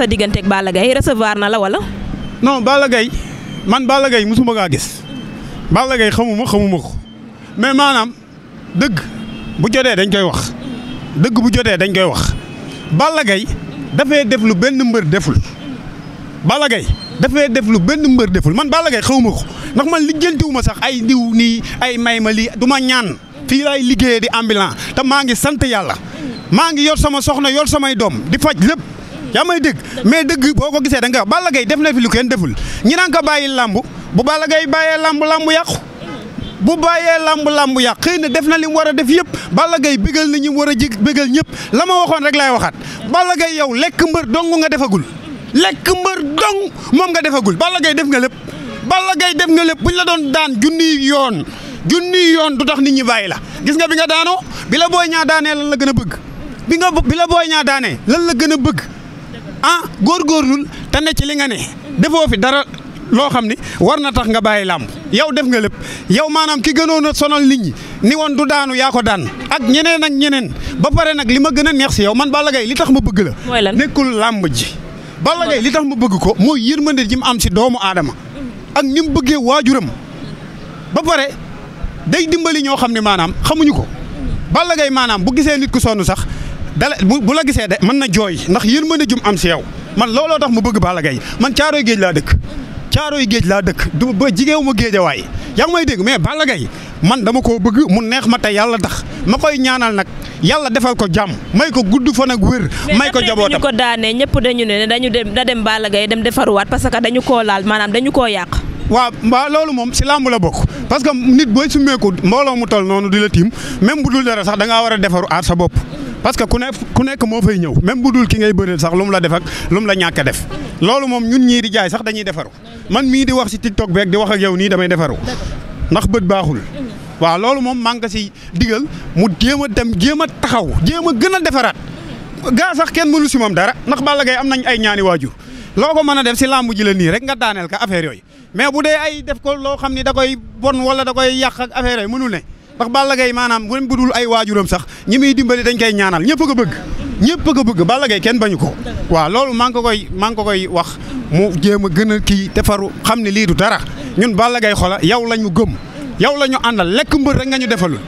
sa digganteeg Balla Gaye recevoir na la wala. non Balla man Balla Gaye mosuma kaa gis Balla Gaye xamuma xamuma ko mais maanaam dëgg bu jotee dañ koy wax dëgg bu jotee dañ koy wax Balla Gaye dafay def lu benn mbër deful Balla Gaye dafay def benn mbër deful man Balla Gaye xamuma ko ndax man li ma sax ay ndiw nii ay may ma lii du ñaan fii laay liggéeyee di ambulant te maa ngi sant yàlla maa ngi yor sama soxna yor samay doom di faj lépp. yaa may dégg mais dëgg boo ko gisee danga nga Balla Gaye def na fi lu kenn deful ñi naan ko bàyyi làmb bu Balla gay bàyyee làmb làmb yàqu bu bàyyee làmb làmb yàqu xëy na def na li mu war a def yëpp Balla gay bëggal na ñi mu war a jig bégal ñëpp la ma waxoon rek laay waxaat Balla gay yow lekk mbër dong nga defagul lekk mbër dong moom nga defagul Balla gay def nga lépp Balla Gaye def nga lépp buñ la doon daan junni yoon junniy yoon du tax nit ñi bàyyi la gis nga bi nga daanoo bi la booy ñaa daanee lan la gën a bëgg bi nga bi la booy ñaa daanee lan la gën a bëgg a ah, góor góorgóorlul te ne ci li nga ne defoo fi dara loo xam ni war na tax nga bàyyi làmb yow def nga lépp yow maanaam ki gënoon a sonal nit ñi ni woon du daanu yaa ko daan ak ñeneen ak ñeneen ba pare nag li ma gën a neex si yow man Balla gay li tax ma bëgg la nekkul làmb ji Balla Gaye li tax ma bëgg ko mooy yërmande ji mu am si doomu aadama ak ni mu bëggee waajuram ba pare day dimbali ñoo xam ne maanaam xamuñu ko Balla gay maanaam bu gisee nit ku sonn sax dala bu la gisee de mën na jooy ndax yéen mën a jum am si yow man looloo tax mu bëgg Balla Gaye man caarooy géej laa dëkk caarooy géej laa dëkk du ba jigéewu ma géejawaay yaa ngi may dégg mais Balla Gaye man dama koo bëgg mu neex ma tey yàlla tax ma koy ñaanal nag yàlla defal ko jàmm may ko gudd fan ak wér. may ko jabootam ñu ko daanee ñëpp dañu ne dañu dem da dem Balla Gaye dem defaruwaat parce que dañu koo laal maanaam dañu ko yàq. waaw waaw loolu moom si làmb la bokk parce que nit booy summeeku mbooloo mu toll noonu di la tiim même bu dul dara sax da a defaru sa bopp. parce que ku nekk ku nekk moo fay ñëw même bu dul ki ngay bëreel sax lu mu la def ak la ñàkk a def loolu moom ñun ñii di jaay sax dañuy defaru man mii di wax si TikTok beeg di wax a yow nii damay defaru ndax bët baaxul waaw loolu moom maa ngi ko si digal mu jéem a dem jéem a taxaw jéem a gën a defaraat gaa sax kenn mënu si moom dara ndax Balla Gaye am nañ ay ñaani waajur loo ko mën a def si làmbu ji la nii rek nga daaneel ka affaire yooyu mais bu dee ay def ko loo xam ni da koy bon wala da koy yàq ak affaire yooyu ndax Balla Gaye maanaam bu budul ay waajuram sax ñi muy dimbali dañ koy ñaanal ñëpp ko bëgg ñëpp ko bëgg Balla Gaye kenn bañu ko waaw loolu maa ngi ko koy maa ko koy wax mu jéem a gën a kii te faru xam ne lii du dara ñun Balla gay xola yow la ñu gëm yow la ñu àndal lekk mbër rek nga ñu defalul